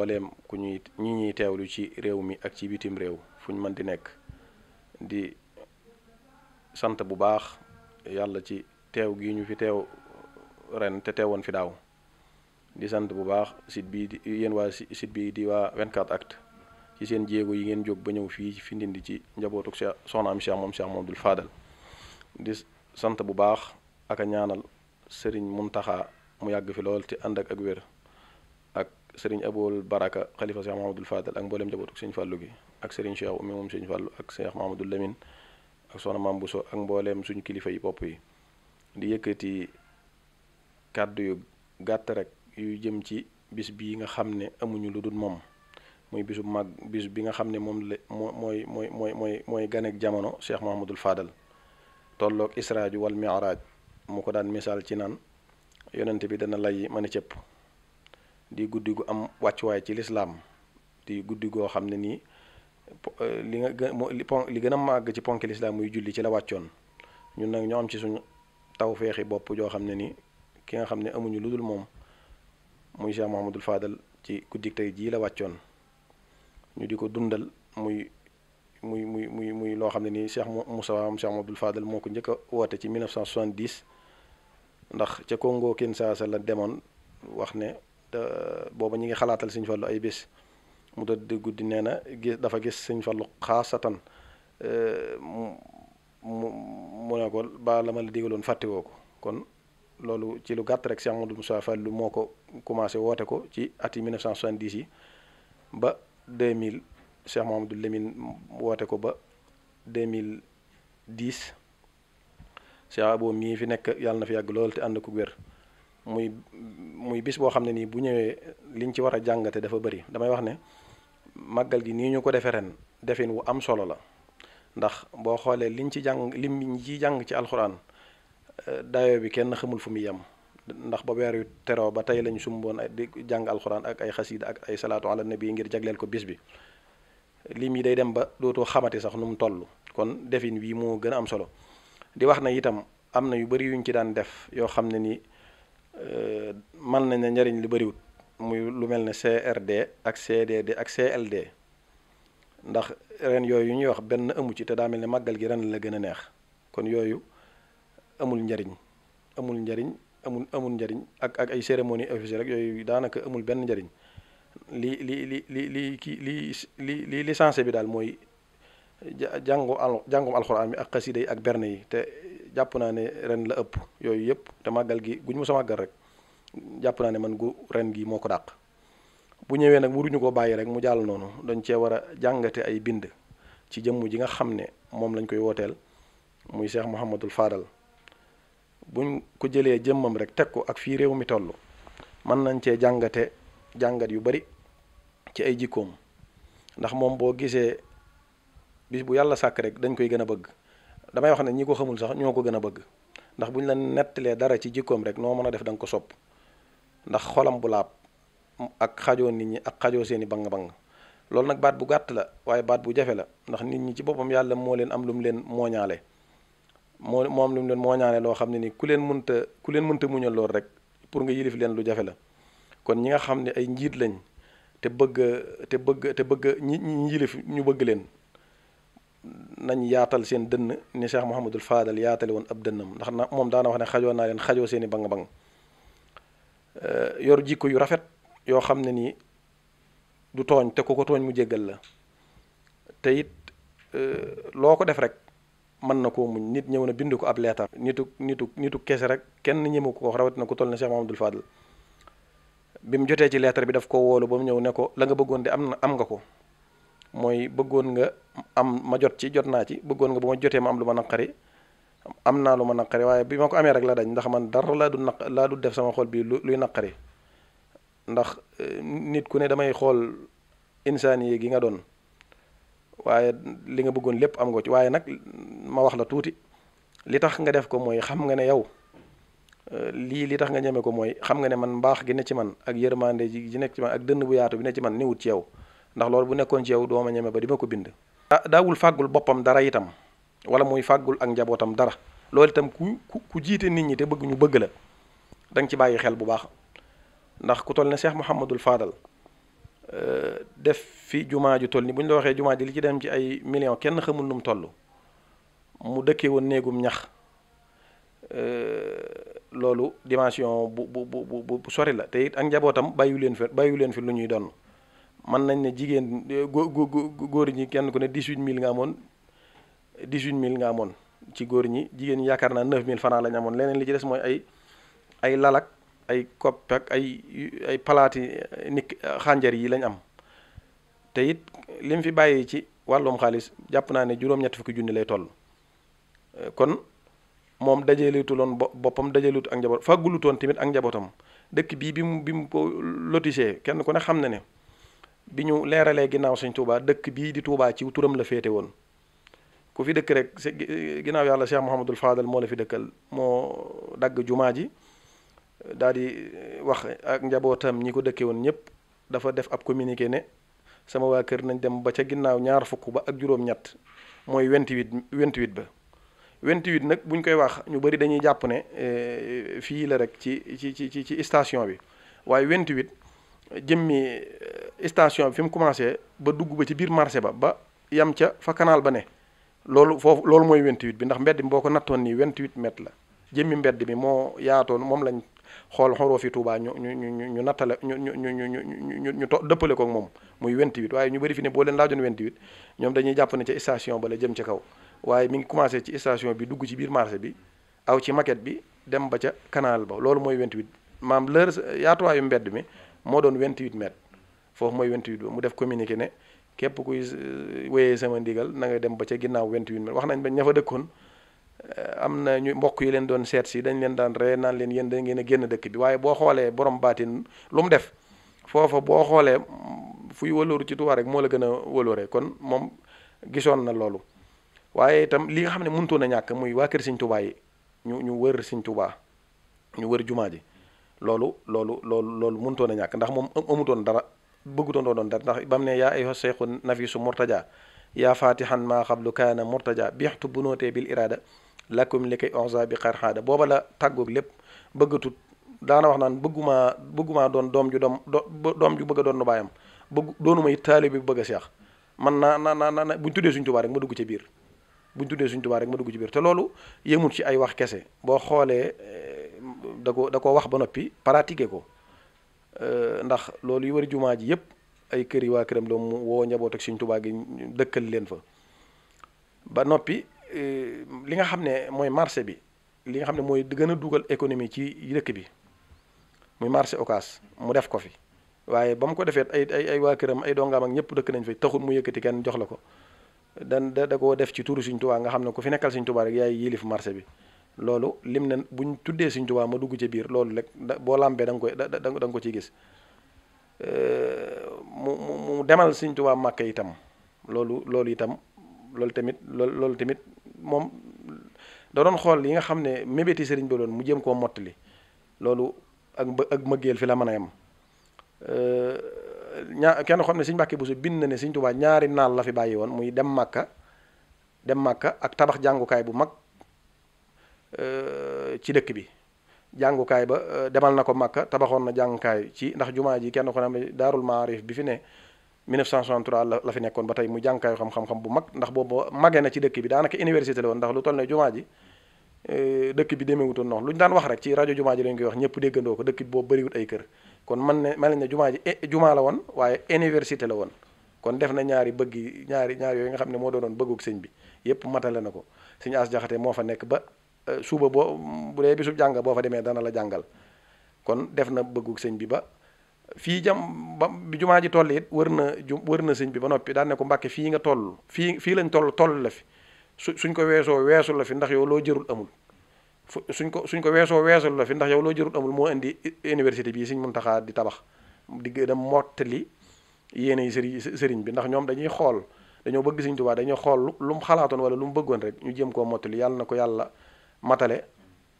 mbooleem ku ñuy ñi ñuy teewlu ci réew mi ak ci bitim réew fu ñu mën di nekk di sant bu baax yàlla ci teew gi ñu fi teew ren te teewoon fi daaw di sant bu baax site bii di yéen waa site bii di waa 24 actu ci seen jéego yi ngeen jóg ba ñëw fii fi ci njabootu Cheikh soxna am Cheikh moom Cheikh Mamadou Fadal di sant bu baax ak a sëriñ Serigne Mountakha mu yàgg fi lool te ànd ak ak wér ak sëriñ Abul Baraka xalifa Cheikh Mahamadul Fadal ak mboolem jabootu sëñ Fàllu gi ak sëriñ Cheikh Oumy moom sëñ Fàllu ak Cheikh Mahamadul Lamin ak soxna Maam Bousso ak mbooleem suñu kilifa yi bopp yi di yëkkati kàddu yu gàtt rek yu jëm ci bis bii nga xam ne amuñu lu dul moom muy bisu mag bis bi nga xam ne moom la moo mooy mooy mooy mooy mooy ganek jamono Cheikh Mahamadul Fadal tolloog israaju wal miraaj mu ko daan misaal ci naan yonent bi dana lay mën a di guddi gu am wàccuwaay ci lislaam di guddi goo xam ne nii euh, li nga gën li gën a màgg ci ponk lislaam muy julli ci la wàccoon ñun nag ñoo am ci suñu taw feexi bopp joo xam ne nii ki nga xam ne amuñu lu dul moom muy Cheikh Mouhamadul Fadal ci guddik tey jii la ñu di ko dundal muy muy muy muy muy loo xam ne nii Cheikh Moussa am Cheikh Mouhamadul Fadal moo ko njëkk woote ci 1970 ndax ca Congo Kinshasa la demoon wax ne. te booba ñu ngi xalaatal sëñ fallu ay bis mu tëdd guddi nee na gis dafa gis sëñ fallu xaasatan eh, mu mu ne ko ba la ma la digaloon fàttewoo ko kon loolu ci lu gàtt rek Cheikh Modou Moussa Fallou moo ko commencé woote ko ci at yi 1970 yi ba 2000 Cheikh du Lemine woote ko ba 2010 Cheikh Abo mii fi nekk yàlla na fi yàgg loolu te ànd ko wér muy muy bis boo xam ne nii bu ñëwee liñ ci war a jàngate dafa bëri damay wax ne màggal gi nii ñu ko defee ren defin wu am solo la ndax boo xoolee liñ ci jàng lim ci jàng ci alxuraan eh, dayo bi kenn xamul fu muy yem ndax ba weer yu teroo ba tey lañ sumboon di jàng alxuraan ak ay xasiida ak ay salaatu ala bii ngir jagleel ko bis bi lim yi day dem ba dootoo xamati sax nu mu toll kon defin wii moo gën a am solo di wax na itam am na yu bëri yuñ ci daan def yoo xam ne ni man nañ ne njariñ li bariwut muy lu mel ne CRD ak CDD ak CLD ndax ren yooyu ñuy wax benn amu ci te daa mel ne màggal gi ren la gën a neex kon yooyu amul njariñ amul njariñ amul amul njariñ ak ak ay cérémonie officielle rek yooyu daanaka amul benn njariñ li li li li li ki li li li licence bi daal mooy jàngu al jàngum alxuraan bi ak xasida yi ak berne yi te jàpp naa ne ren la ëpp yooyu yëpp te màggal gi guñ mos a màggal rek jàpp naa ne man gu ren gi moo ko dàq bu ñëwee nag wuruñu ko bàyyi rek mu jàll noonu dañu cee war a jàngate ay bind ci jëmm ji nga xam ne moom lañ koy wooteel muy Cheikh Mouhamadul Fadal buñ ko jëlee jëmmam rek teg ko ak fii réew mi toll mën nañ cee jàngate jàngat yu bari ci ay jikkoom ndax moom boo gisee bis bu yàlla sàkk rek dañ koy gën a bëgg damay wax ne ñi ko xamul sax ñoo ko gën a bëgg ndax bu ñu la nettalee dara ci jikkoom rek noo mën a def da ko sopp ndax xolam bu laab ak xajoo nit ñi ak xajoo seeni bang-bang loolu nag baat bu gàtt la waaye baat bu jafe la ndax nit ñi ci boppam yàlla moo leen am lu mu leen mooñaale moo moo am lu mu leen mooñaale loo xam ne nii ku leen mënta ku leen mënta muñal lool rek pour nga yilif leen lu jafe la kon ñi nga xam ne ay njiit lañ te bëgg te bëgg te bëgg ñi ñi yilif ñu bëgg leen nañ yaatal seen dënn ni seex Mouhamadul Fadal yaatale woon ab dënnam ndax na moom daana wax ne xajoo naa leen xajoo seen i bang euh, yor jikko yu rafet yoo xam ne nii du tooñ te ku ko tooñ mu jéggal la te it euh, loo ko def rek mën na koo muñ nit ñëw ne bind ko ab leetar nitu nitu nitu kese rek kenn ñëmu ko rawat na ku toll ne Cheikh Mouhamadul Fadal bi mu jotee ci leetar bi daf ko woolu ba mu ñëw ne ko la nga bëggoon di am na am nga ko mooy bëggoon nga am ma jot ci jot naa ci bëggoon nga bu ma jotee ma am lu ma naqari am naa lu ma naqari waaye bi ma ko amee rek la dañ ndax man dara laa du naq laa du def sama xol bi luy naqari ndax eh, nit ku ne damay xool insaan yi gi nga doon waaye li nga bëggoon lépp am nga ci waaye nag ma wax la tuuti li tax nga def ko mooy xam nga ne yow eh, lii li tax nga ñeme ko mooy xam nga ne man mbaax gi ne ci man ak yërmande ji nekk ci man ak dënn bu yaatu bi ne ci man niwut ci yow ndax loolu bu nekkoon ci yow doo ñeme ba di ma ko bind. Ah, daawul fàggul boppam dara itam wala muy fàggul ak njabootam dara loolu itam ku ku jiite nit ñi te bëgguñu bëgg la da ci bàyyi xel bu baax ndax ku toll ne Cheikh Mouhamadul Fadal euh, def fi jumaa ju toll ni bu ñu la waxee jumaa ji li ci dem ci ay million kenn xamul nu mu toll mu dëkkee woon néegum ñax. Euh, loolu dimension bu bu bu sori la te it ak njabootam bàyyu leen fi bàyyu leen fi lu ñuy donn mën nañ ne jigéen eh, góor ñi kenn ku ne dix-huit mille nga amoon dix-huit mille nga amoon ci góor ñi jigéen yaakaar naa neuf mille francs lañ amoon leneen li des mooy ay lalak ay kopp ay ay palaati eh, nik xànjar yi lañ am te it lim fi bàyyi ci wàllum xaalis jàpp naa ne juróom-ñett fukki junni lay toll eh, kon moom dajaleetuloon boppam dajaleetu ak njaboot faggulutoon tamit ak njabootam dëkk bii bi mu bi mu ko lotisee kenn ku ne xam na ne bi ñu leeralee ginnaaw sëñ Touba dëkk bii di tuubaa ci turam la féete woon ku fi dëkk rek ginnaaw yàlla Cheikh Mouhamadul Fadal moo la fi dëkkal moo dagg jumaa ji daal di eh, wax ak njabootam ñi ko dëkke woon ñëpp dafa def ab communiqué ne sama waa kër nañ dem ba ca ginnaaw ñaar fukk ba ak juróom-ñett mooy 28 28 ba 28 nag buñ koy wax ñu bëri dañuy jàpp ne eh, fii la rek ci ci ci ci station bi waaye 28. jëmmi euh, station bi fi mu commencé ba dugg ba ci biir marché ba ba yam ca fa canal ba ne loolu foofu loolu mooy 28 bi ndax mbedd mi boo ko nattoon nii 28 mètres la jëmmi mbedd mi moo yaatoon moom lañ xool xoroo fi Touba ñu ñu ñu ñu nattale ñu ñu ñu ñu ñu to dëppale ko moom muy 28 waaye ñu bëri fi ne boo leen laajoon 28 dañuy jàpp ne ca station ba la jëm ci kaw waaye mi ngi commencé ci station bi dugg ci biir marché bi aw ci maquette bi dem ba ca canal ba loolu mooy 28 maam lër yaatuwaayu mbedd mi. moo doon 28 mètres foofu mooy 28 ba mu def communiqué ne képp kuy euh, wéyee sama ndigal na nga dem ba ca ginnaaw 28 mètres wax nañ ba ña fa dëkkoon euh, am na ñu mbokk yi leen doon seet si dañ leen daan ree naan leen yéen da ngeen a génn dëkk bi waaye boo xoolee borom baatin lu mu def foofa boo xoolee mm, fuy wëlooru ci Tuubaa rek moo la gën a wëlooree kon moom gisoon na loolu waaye itam li nga xam ne mënutoon a ñàkk muy waa kër Sëñ Tuubaa yi ñu ñu wër Sëñ ñu wër jumaa ji loolu loolu loolu loolu mënutoon a ñàkk ndax moom amutoon dara bëggutoon doon dara ndax ba mu ne yaa ayyuha cheikhu nafisu murtaja yaa fatihan maa xablu kaana murtaja tu bu nootee bil iraada lakum li koy onza bi xarxaada booba la tàggoog lépp bëggatut daana wax naan bëggumaa bëggumaa doon doom ju doom doom ju bëgg doon nu baayam bëgg doonuma it taalibe bi bëgg a seex man naa na na na buñ tuddee suñ tubaa rek ma dugg ci biir buñ tuddee suñ tubaa rek ma ci biir te loolu yëmul ci ay wax kese boo xoolee da ko da ko wax ba noppi pratiquer ko euh, ndax loolu yu war jumaa ji yëpp ay kër yi waa këram la mu woo njaboot ak Sëriñ Tuubaa gi dëkkal leen fa ba noppi euh, li nga xam ne mooy marché bi li nga xam ne mooy gën a dugal économie ci dëkk bi muy marché Ocass mu def ko fi waaye ba mu ko defee ay ay ay waa këram ay dongaam ak ñëpp dëkk nañ fa taxul mu yëkkati kenn jox la ko dan da da koo def ci turu Sëriñ Tuubaa nga xam ne ku fi nekkal Sëriñ Tuubaa rek yaay yilif marché bi loolu lim ne buñ tuddee Sëriñ Tuubaa ma dugg ci biir loolu rek boo làmbee da nga koy da da nga ko ci gis euh, mu mu demal Sëriñ Tuubaa Màkka itam loolu loolu itam loolu tamit loolu tamit moom da doon xool yi nga xam ne mébéti sëriñ bi doon mu jëm koo mottali loolu ak ak mëggeel fi la mën a yem euh, ñaar kenn xam ne Sëriñ bu Buso bind na ne Sëriñ Tuubaa ñaari naal la fi bàyyi woon muy dem Màkka dem Màkka ak tabax jàngukaay bu mag Euh, ci dëkk bi jàngukaay ba euh, demal na ko Màkka tabaxoon na jàngukaay ci ndax jumaa ji kenn ko ne daarul maarif bi fi ne 1963 la la fi nekkoon ba tey mu jàngukaayu xam-xam-xam bu mag ndax boobu magee na ci dëkk bi daanaka université la woon ndax lu toll ne jumaa ji euh, dëkk bi demeewutoon noonu lu ñu daan wax rek ci rajo jumaa ji lañ koy wax ñëpp déggandoo ko dëkk bi boobu bëriwut ay kër kon man ne mel ne jumaa ji eh, jumaa la woon waaye université la woon kon def na ñaari bëgg ñaari ñaar yooyu nga xam ne moo doonoon bëggug sëñ bi yépp matale na ko sëñ jaxate moo fa nekk ba Euh, suba boo bu dee bisub jàng boo fa demee dana la jàngal kon def na bëggu sëñ bi ba fii jam ba bi jumaa ji toll it wër na ju wër na sëñ bi ba noppi daan ne ko mbàkke fii nga toll fii fii lañ toll toll la fi su suñ ko weesoo weesul la fi ndax yow loo jërul amul fu suñ ko suñ ko weesoo weesul la fi ndax yow loo jërul amul moo indi université bii mun Muntaxa di tabax di gën a mottali yéene yi sëriñ sëriñ bi ndax ñoom dañuy xool dañoo bëgg sëñ Tuubaa dañoo xool lu mu xalaatoon wala lu mu bëggoon rek ñu jëm koo mottali yàlla na ko yàlla matale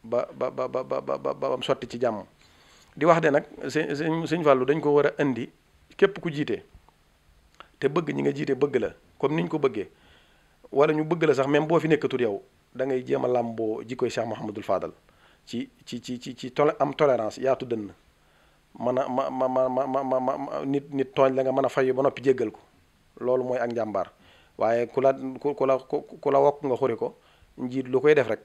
ba ba ba ba ba ba ba am sotti ci jàmm di wax de nag sëñ sëñ Fallou dañ ko war a indi képp ku jiite te bëgg ñi nga jiite bëgg la comme niñ ko bëggee wala ñu bëgg la sax même boo fi nekkatul yow da ngay jéem a làmboo jikkoy Cheikh Mouhamadul Fadal ci ci ci ci ci tol am tolérance yaatu dënn mën a ma ma ma ma ma ma nit nit tooñ la nga mën a fay ba noppi jéggal ko loolu mooy ak njàmbaar waaye ku la ku la ku la wokk nga xuri ko njiit lu koy def rek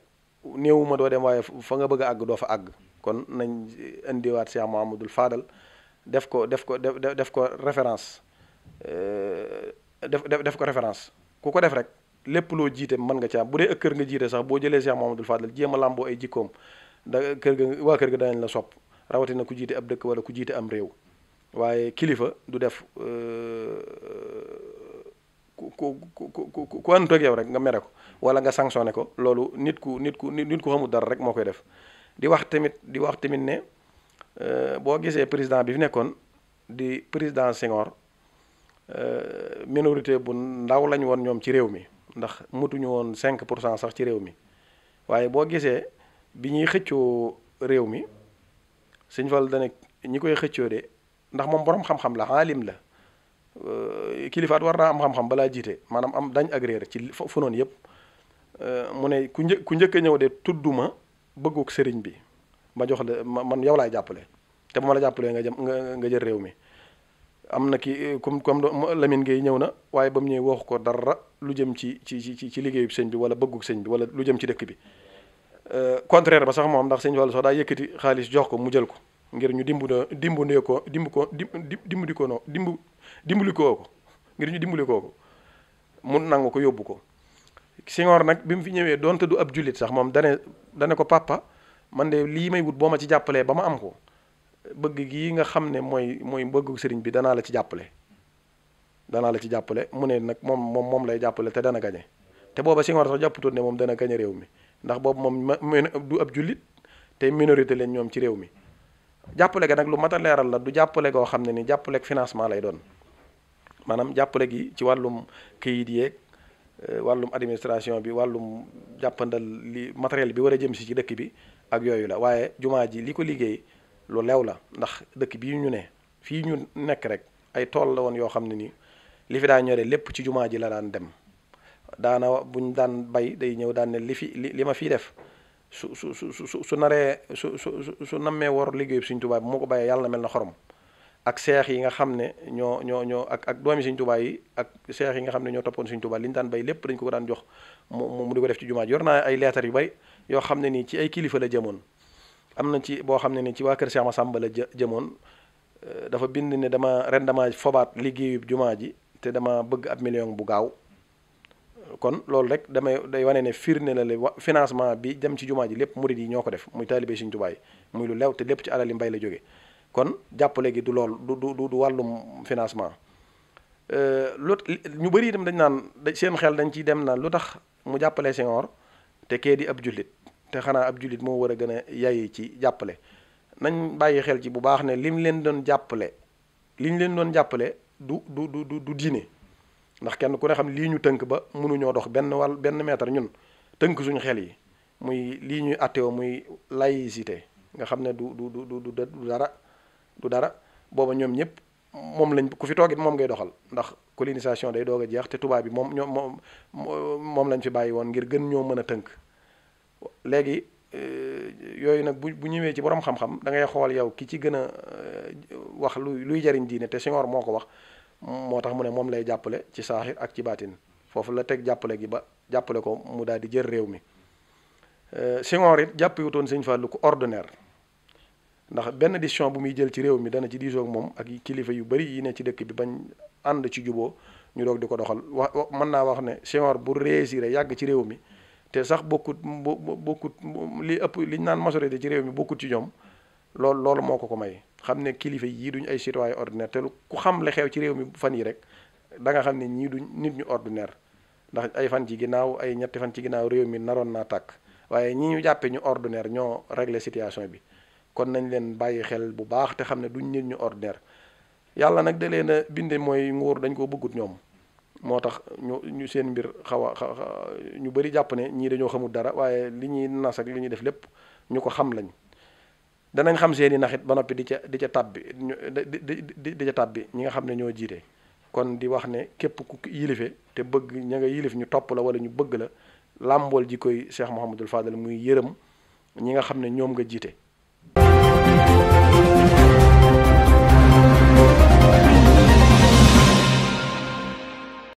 néewuma doo dem waaye fa nga bëgg a àgg doo fa àgg kon nañ indiwaat Cheikh Mahamadul Fadal def ko def ko def ko référence def def ko référence ku ko def rek lépp loo jiite mën nga ci bu dee kër nga jiite sax boo jëlee Cheikh Mahamadul Fadal jéem a làmboo ay jikkoom da kër ga waa kër ga danañ la sopp rawatina ku jiite ab dëkk wala ku jiite am réew waaye kilifa du def ku ku ku ku ku yow rek nga mere ko wala nga sanctionné ko loolu nit ku nit ku nit ku xamul dara rek moo koy def di wax tamit di wax tamit ne euh, boo gisee président bi fi nekkoon di président Senghor euh, minorité bu ndaw lañu woon ñoom ci réew mi ndax mutuñu woon cinq pour cent sax ci réew mi waaye boo gisee bi ñuy xëccoo réew mi Sëñ Fall da ne ñi koy xëccoo de ndax moom borom xam-xam la aalim la. Euh, kilifaat war naa am xam-xam balaa jiite maanaam am dañ ak réer ci fu noon yëpp euh, mu ne ku një ku njëkk a ñëw de tudduma bëgguk sëriñ bi ma jox la man yow laay jàppale te bu ma la jàppalee nga jëm nga nga jël réew mi. am na ki comme comme Lamine Gueye ñëw na waaye ba mu ñëwee wax ko dara lu jëm ci ci ci ci liggéeyub sëñ bi wala bëgguk sëñ bi wala lu jëm ci dëkk bi euh, contraire ba sax moom ndax sëñ Fallu sax daa yëkkati xaalis jox ko mu jël ko ngir ñu dimbu dimbu ndee ko dimbu ko dimbu ko noo dimbu dimbali koo ko ngir ñu dimbali ko mu nangu ko yóbbu ko Senghor nag bi mu fi ñëwee donte du ab jullit sax moom dana dane ko papa man de lii may wut boo ma ci jàppalee ba ma am ko bëgg gii nga xam ne mooy mooy bëggu sëriñ bi danaa la ci jàppale danaa la ci jàppale mu ne nag moom moom moom lay jàppale te dana gañe te booba Senghor sax jàpputoon ne moom dana gañe réew mi ndax boobu moom du ab jullit te minorité leen ñoom ci réew mi jàppale ga nag lu mat a leeral la du jàppale goo xam ne ni jàppaleek financement lay doon maanaam jàppale gi ci wàllum kayit yeeg euh, wàllum administration bi wàllum jàppandal li matériel bi war a jëm si ci dëkk bi ak yooyu la waaye jumaa ji li ko liggéey lu lew la ndax dëkk bi ñu ne fii ñu nekk rek ay tool la woon yoo xam ne ni li fi daa ñore lépp ci jumaa ji la daan dem daana buñ daan bay day ñëw daan ne li fi li ma fii def su su su su su naree su su su nammee wor liggéey bi suñ tubaab bi moo ko bàyyee yàlla mel na xorom ak seex yi nga xam ne ñoo ñoo ñoo ak ak doomi suñ tubaab yi ak seex yi nga xam ne ñoo toppoon suñ tubaab li daan bay lépp dañ ko ko daan jox mu mu di ko def ci jumaa ji yor na ay leetar yu bay yoo xam ne nii ci ay kilifa la jëmoon am na ci boo xam ne nii ci waa kër ma Massamba la jëmoon dafa bind ne dama ren dama fobaat liggéeyu jumaa ji te dama bëgg ab million bu gaaw kon loolu rek damay day wane ne fiir firnde la le financement bi jëm ci jumaa ji lépp murid yi ñoo ko def muy taalibe Sëriñ Tuubaa yi muy lu lew te lépp ci alali mbay la jóge kon jàppale gi du lool du du du wàllum financement euh, lu ñu bëri dañ naan seen xel dañ ciy dem naan lu tax mu jàppale Senghor te kee di ab jullit te xanaa ab jullit moo war a gën a yayi ci jàppale nañ bàyyi xel ci bu baax ne lim leen doon jàppale liñ leen doon jàppale du du du du diine ndax kenn ku ne xam lii ñu tënk ba mënuñoo dox benn wàll benn mètre ñun tënk suñu xel yi muy lii ñuy attewoo muy laïcité nga xam ne du du du du dara du dara booba ñoom ñëpp moom lañ ku fi toogit moom ngay doxal ndax colonisation day doog a jeex te tubaab bi moom ñoom moom lañ fi bàyyi woon ngir gën ñoo mën a tënk léegi euh, yooyu nag bu bu ñëwee ci borom xam-xam da ngay xool yow ki ci gën a euh, wax lu luy jariñ diine te Senghor moo ko wax moo tax mu ne moom lay jàppale ci saaxir ak ci baatin foofu la teg jàppale gi ba jàppale ko mu daal di jël réew mi euh, Senghor it jàppewutoon Sëñ Fallou ko ordinaire ndax benn décision bu muy jël ci réew mi dana ci diisoo moom ak kilifa yu bari yi ne ci dëkk bi bañ ànd ci juboo ñu doog di ko doxal wax mën naa wax ne Senghor bu réussiré yàgg ci réew mi te sax bokkut bokkut li ëpp liñ naan majorité ci réew mi bokkut ci ñoom loolu loolu moo ko ko may xam ne kilifa yii duñ ay citoyen ordinaire te ku xam la xew ci réew mi fan yi rek da nga xam ne ñii duñ nit ñu ordinaire ndax ay fan ci ginnaaw ay ñetti fan ci ginnaaw réew mi naroon naa tàkk waaye ñi ñu jàppee ñu ordinaire ñoo régler situation bi kon nañ leen bàyyi xel bu baax te xam ne duñ nit ñu ordinaire yàlla nag da leen a binde mooy nguur dañ ko bëggut ñoom moo tax ñu ñu seen mbir xaw a ñu bëri jàpp ne ñii dañoo xamul dara waaye li ñuy nas ak li ñuy def lépp ñu ko xam lañ danañ xam seeni naxit ba noppi di ca di ca tàbbi di di ca tàbbi ñi nga xam ne ñoo jiite kon di wax ne képp ku yilife te bëgg ña nga yilif ñu topp la wala ñu bëgg la làmbool ji koy Cheikh Mouhamadul Fadal muy yërëm ñi nga xam ne ñoom nga jiite